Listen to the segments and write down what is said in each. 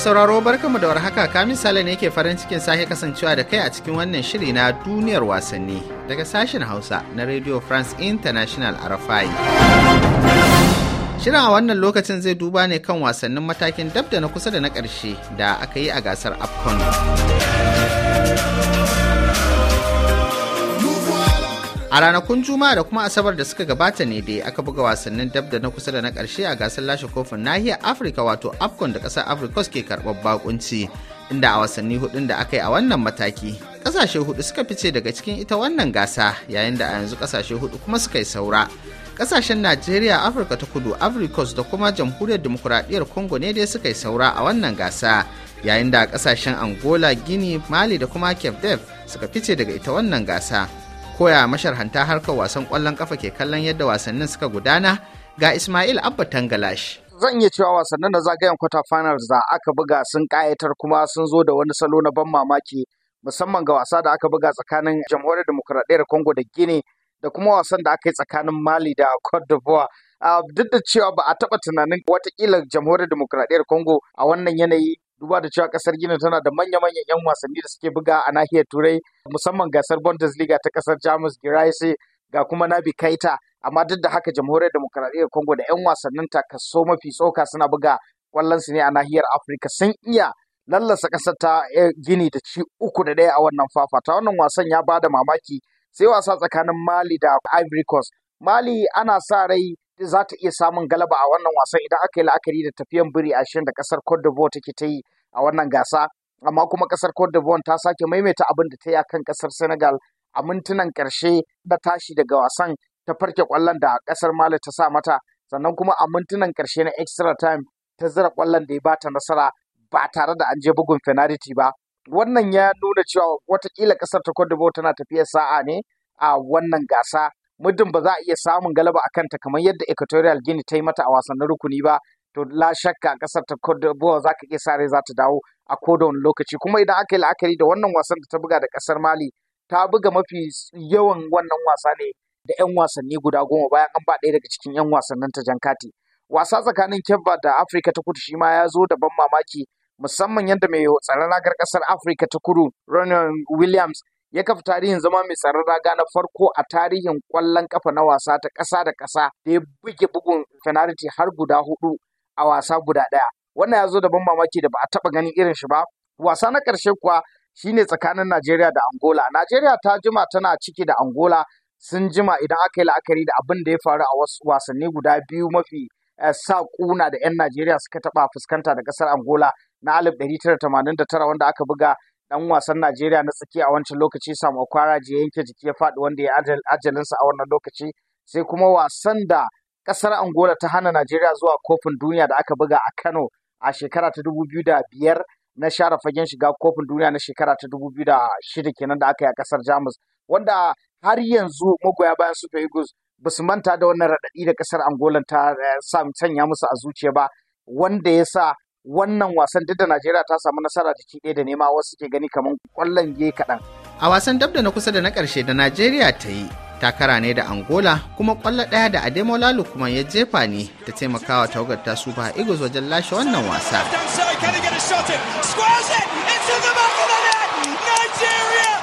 sauraro barkamu da warhaka kamin sale ne ke farin cikin sake kasancewa da kai a cikin wannan shiri na duniyar wasanni daga sashen hausa na radio france international rfi shirin a wannan lokacin zai duba ne kan wasannin matakin dab da na kusa da na ƙarshe da aka yi a gasar afcon a ranakun juma'a da kuma asabar da suka gabata ne dai aka buga wasannin dab da na kusa da na karshe a gasar lashe kofin nahiyar afirka wato afcon da kasar afirka ke karɓar bakunci inda a wasanni hudun da aka yi a wannan mataki ƙasashe hudu suka fice daga cikin ita wannan gasa yayin da a yanzu ƙasashe hudu kuma suka yi saura Ƙasashen najeriya afirka ta kudu africos da kuma jamhuriyar demokuraɗiyyar Kongo ne dai suka yi saura a wannan gasa yayin da ƙasashen angola guinea mali da kuma cape suka fice daga ita wannan gasa koya masharhanta harkar wasan kwallon kafa ke kallon yadda wasannin suka gudana ga Ismail Abba Tangalash. Zan iya cewa wasannin da zagayen kwata final da aka buga sun ƙayatar kuma sun zo da wani salo na ban mamaki musamman ga wasa da aka buga tsakanin jamhuriyar demokuraɗiyyar Congo da Guinea da kuma wasan da aka yi tsakanin Mali da Cote d'Ivoire. Ah, duk da cewa ba a taɓa tunanin watakila jamhuriyar demokuraɗiyyar Congo a wannan yanayi duba da cewa kasar gina tana da manya-manyan 'yan wasanni da suke buga a nahiyar turai musamman gasar bundesliga ta kasar jamus giraise ga kuma nabi kaita amma duk da haka jamhuriyar demokaradiyyar congo da 'yan wasannin ta kaso mafi tsoka suna buga kwallon su ne a nahiyar afirka sun iya lallasa kasar ta eh, gini da ci uku da daya a wannan fafata wannan wasan ya bada mamaki sai wasa tsakanin mali da ivory coast mali ana sa rai za ta iya samun galaba a wannan wasan idan aka yi la'akari da tafiyan biri ashirin da kasar Cote d'Ivoire take ta yi a wannan gasa amma kuma kasar Cote d'Ivoire ta sake maimaita abin da ta yi kan kasar Senegal a mintunan karshe da tashi daga wasan ta farke kwallon da kasar Mali ta sa mata sannan kuma a mintunan karshe na extra time ta zira kwallon da ya bata nasara ba tare da an je bugun penalty ba wannan ya nuna cewa watakila kasar ta Cote d'Ivoire tana tafiyar sa'a ne a wannan gasa muddin ba za a iya samun galaba a kanta kamar yadda equatorial guinea ta yi mata a wasannin rukuni ba to la shakka kasar ta Cote d'Ivoire za ka iya sare za ta dawo a koda wani lokaci kuma idan aka yi la'akari da wannan wasan da ta buga da kasar Mali ta buga mafi yawan wannan wasa ne da 'yan wasanni guda goma bayan an ba ɗaya daga cikin 'yan wasannin ta jankati wasa tsakanin Kebba da Afirka ta Kudu shi ma ya zo da ban mamaki musamman yadda mai tsaron ragar kasar Afirka ta Kudu Ronald Williams ya kafa tarihin zama mai tsaron raga na farko a tarihin ƙwallon kafa na wasa ta ƙasa da ƙasa da ya buge bugun fenalti har guda hudu a wasa guda ɗaya. Wannan ya zo da ban mamaki da ba a taɓa ganin irin shi ba. Wasa na ƙarshe kuwa shine tsakanin Najeriya da Angola. Najeriya ta jima tana ciki da Angola sun jima idan aka yi la'akari da abin da ya faru a wasanni guda biyu mafi eh, sa kuna da 'yan Najeriya suka taɓa fuskanta da ƙasar Angola na 1989 wanda aka buga dan wasan Najeriya na tsaki a wancan lokaci Sam Okwara je yanke jiki ya faɗi wanda ya ajalinsa a wannan lokaci sai kuma wasan da ƙasar Angola ta hana Najeriya zuwa kofin duniya da aka buga a Kano a shekara ta dubu biyu da biyar na share fagen shiga kofin duniya na shekara ta dubu biyu da shida kenan da aka yi a ƙasar Jamus wanda har yanzu magoya bayan Super Eagles ba su manta da wannan raɗaɗi da ƙasar Angola ta eh, sanya musu a zuciya ba wanda ya sa wannan wasan duk da Najeriya ta samu nasara jiki ɗaya da nema wasu ke gani kamar kwallon ge kaɗan. A wasan dab da na kusa da na ƙarshe da Najeriya ta yi takara ne da Angola kuma ƙwallo ɗaya da Ademola Lukman ya jefa ne ta taimakawa tawagar ta ba Eagles wajen lashe wannan wasa. Nigeria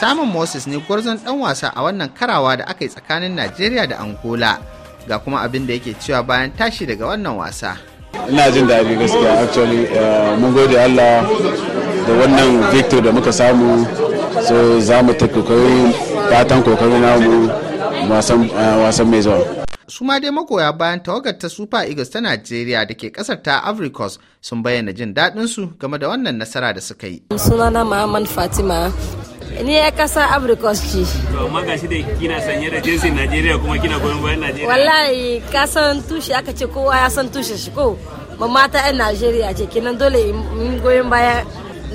Samun Moses ne gwarzon dan wasa a wannan karawa da aka yi tsakanin Najeriya da Angola. Ga kuma abin da yake cewa bayan tashi daga wannan wasa. Ina jin daɗi gaskiya actually eh, mun gode Allah da wannan victor da muka samu so za mu ta kokarin fatan kokarin namu wasan eh, mai zuwa. su ma dai magoya bayan tawagar ta Super Eagles ta Najeriya da ke kasar ta Ivory Coast sun bayyana jin daɗinsu game da wannan nasara da suka yi. Sunana Muhammad Fatima ni ya kasa abrikos ci to amma gashi da kina sanye da jinsin najeriya kuma kina goyon bayan najeriya wallahi ka san tushe aka ce kowa ya san tushe shi ko mamata yan najeriya ce kenan dole in goyon bayan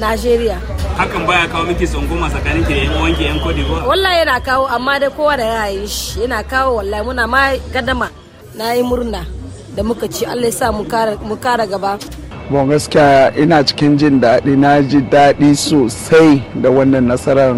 najeriya hakan baya kawo miki tsangoma tsakanin ki da yan wanki yan kodi ba wallahi yana kawo amma da kowa da yayi shi yana kawo wallahi muna ma gadama na yi murna da muka ci Allah ya sa mu kara gaba bon gaskiya ina cikin jin daɗi na ji daɗi sosai da wannan nasarar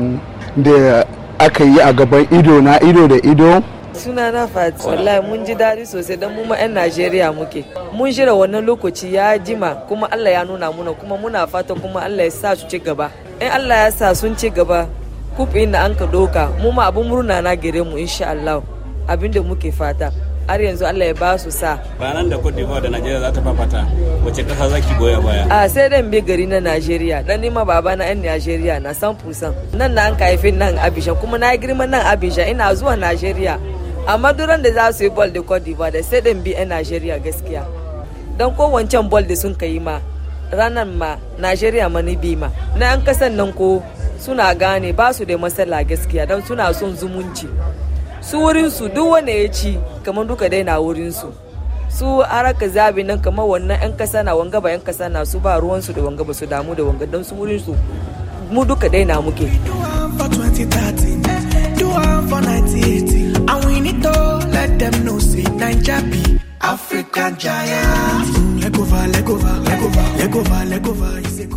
da aka yi a gaban ido na ido da ido suna na fati wallahi mun ji daɗi sosai don mu ma 'yan najeriya muke mun shirya wannan lokaci ya jima kuma allah ya nuna muna kuma muna fata kuma allah ya sa su ci gaba in Allah ya sa sun ci gaba kufin da an ka doka mu ma abin murna na gare mu insha Allah abin da muke fata har yanzu Allah ya ba su sa ba nan da Cote d'Ivoire da Najeriya za ta fafata wace kasa zaki goya baya a sai dan bi gari na Najeriya dan nima baba na yan Najeriya na san fusan nan na an ka haifin nan Abidjan kuma na girma nan Abidjan ina zuwa Najeriya amma duran da za su yi ball da Cote d'Ivoire da sai dan bi yan Najeriya gaskiya dan ko wancan ball da sun kai ma ranar ma najeriya ma ni ma na yan kasan nan ko suna gane ba su da matsala gaskiya don suna son zumunci su wurinsu duk wanda ya ci kamar duka dai na wurinsu su haraka zabi nan kamar wannan yan kasa na wanga ba yan kasa na su ba ruwan su da wanga ba su damu da wanga don su wurinsu mu duka dai na muke Africa Giants.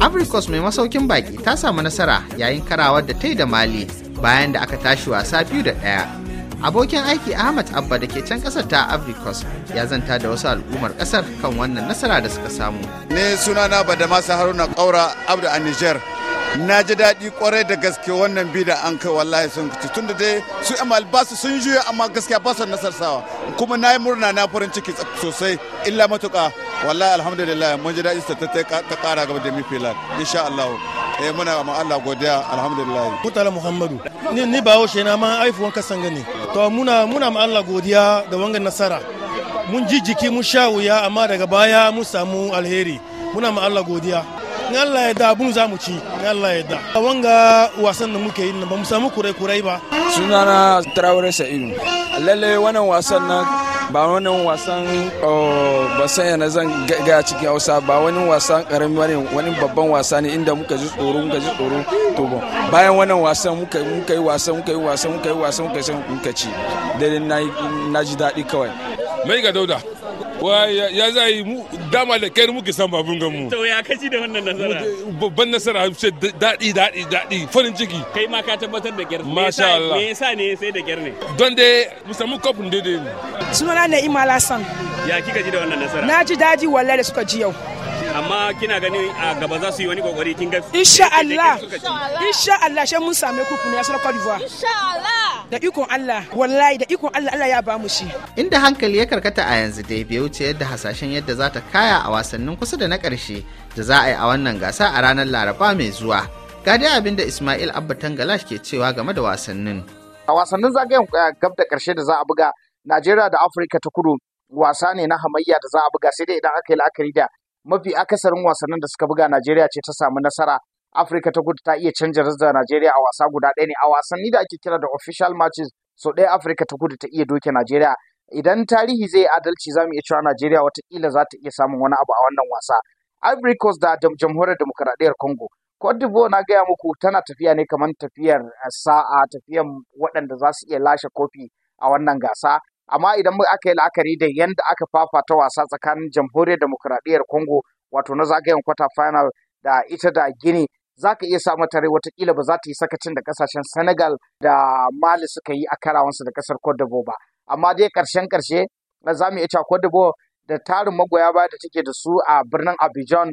Africos mai masaukin baki ta samu nasara yayin karawar da ta yi da Mali bayan da aka tashi wasa biyu da ɗaya. Abokin aiki Ahmad Abba da ke can ƙasar ta Africos ya zanta da wasu al'ummar ƙasar kan wannan nasara da suka samu. Ne sunana Badamasa Haruna Kaura Abdu a Nijar na ji daɗi kwarai da gaske wannan bi da an kai wallahi sun kuci tun dai su yan albasu sun juya amma gaskiya ba su nasarsawa kuma na yi murna na farin ciki sosai illa matuƙa wallahi alhamdulillah mun ji daɗi ta ta ƙara gaba da mifilan insha Allah eh muna ma Allah godiya alhamdulillah mutala muhammadu ni ni bawo na ma aifuwan kasan gani to muna muna ma Allah godiya da wangan nasara mun ji jiki mun sha wuya amma daga baya mun samu alheri muna ma Allah godiya in Allah ya da abun za mu ci in Allah ya da wanga wasan da muke yi ba mu samu kurai kurai ba sunana Traore Sa'idu lalle wannan wasan nan ba wani wasan oh, ba sanya na zan ga cikin hausa ba wani wasan karami wani wani babban wasa ne inda muka ji tsoro muka ji tsoro to bon bayan wannan wasan muka muka yi wasan muka yi wasan muka yi wasan muka yi muka ci dai na ji daɗi kawai mai ga dauda ya za yi mu dama da kai muke san babun gan mu to ya kaji da wannan nasara babban nasara ce daɗi daɗi daɗi farin ciki kai ma ka tabbatar da gyar sha Allah me yasa ne sai da gyar ne don dai mu samu kofin daidai ne sunana na imala san ya kika ji da wannan nasara na ji daji wallahi da suka ji yau amma kina ganin a gaba za su yi wani kokari kin ga insha Allah insha Allah sai mun same ku ne a Cote d'Ivoire insha Allah da ikon Allah wallahi da ikon Allah Allah ya bamu shi inda hankali ya karkata a yanzu dai bai wuce yadda hasashen yadda za ta kaya a wasannin kusa da na ƙarshe da za a yi a wannan gasa a ranar Laraba mai zuwa ga dai abin da Ismail Abba Tangalash ke cewa game da wasannin a wasannin zagayen gab da karshe da za a buga Najeriya da Afirka ta Kudu wasa ne na hamayya da za a buga sai dai idan aka yi la'akari da mafi akasarin wasannin da suka buga Najeriya ce ta samu nasara Afirka ta Kudu ta iya canja da Najeriya a wasa guda ɗaya ne a wasanni da ake kira da official matches so ɗaya Afirka ta Kudu ta iya doke Najeriya idan tarihi zai adalci zamu mu iya cewa Najeriya watakila za ta iya samun wani abu a wannan wasa. Ivory Coast da Jamhuriyar Demokaradiyyar Congo. Cote d'Ivoire na gaya muku tana tafiya ne kamar tafiyar eh, sa'a tafiyan waɗanda za su iya lashe kofi a wannan gasa. Amma idan aka yi la'akari da yadda aka fafata wasa tsakanin Jamhuriyar Demokaradiyyar Congo wato na zagayen kwata final da ita da Gini za ka iya sa mata watakila ba za ta yi sakacin da kasashen Senegal da Mali suka yi a karawansu da kasar Cote ba. Amma dai ƙarshen ƙarshe za mu iya cewa Cote da tarin magoya baya da take da su a birnin Abidjan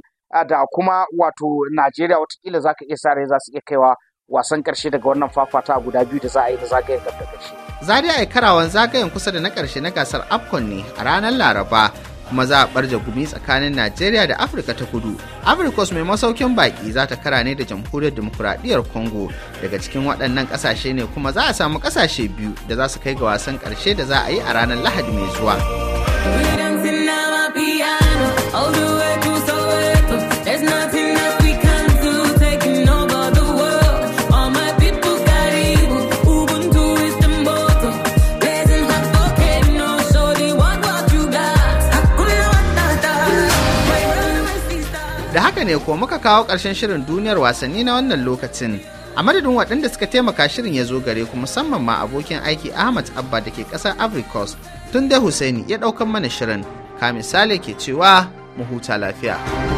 da kuma wato Najeriya watakila za ka iya sa za su iya kaiwa wasan ƙarshe daga wannan fafata guda biyu da za a yi da zagayen da ƙarshe. Zaria ya karawan zagayen kusa da na karshe na gasar AFCON ne a ranar Laraba kuma za a barja gumi tsakanin Najeriya da Afirka ta kudu. Africos mai masaukin baki za ta kara ne da jamhuriyar demokuraɗiyyar Congo daga cikin waɗannan ƙasashe ne kuma za a samu ƙasashe biyu da za su kai ga wasan ƙarshe da za a yi a ranar Lahadi mai zuwa. ne ko muka kawo ƙarshen shirin duniyar wasanni na wannan lokacin. A madadin waɗanda suka taimaka shirin ya zo gare ku musamman ma abokin aiki Ahmad Abba da ke ƙasar Coast tun da Hussaini ya ɗaukan mana shirin. Ka misali ke cewa mu huta lafiya.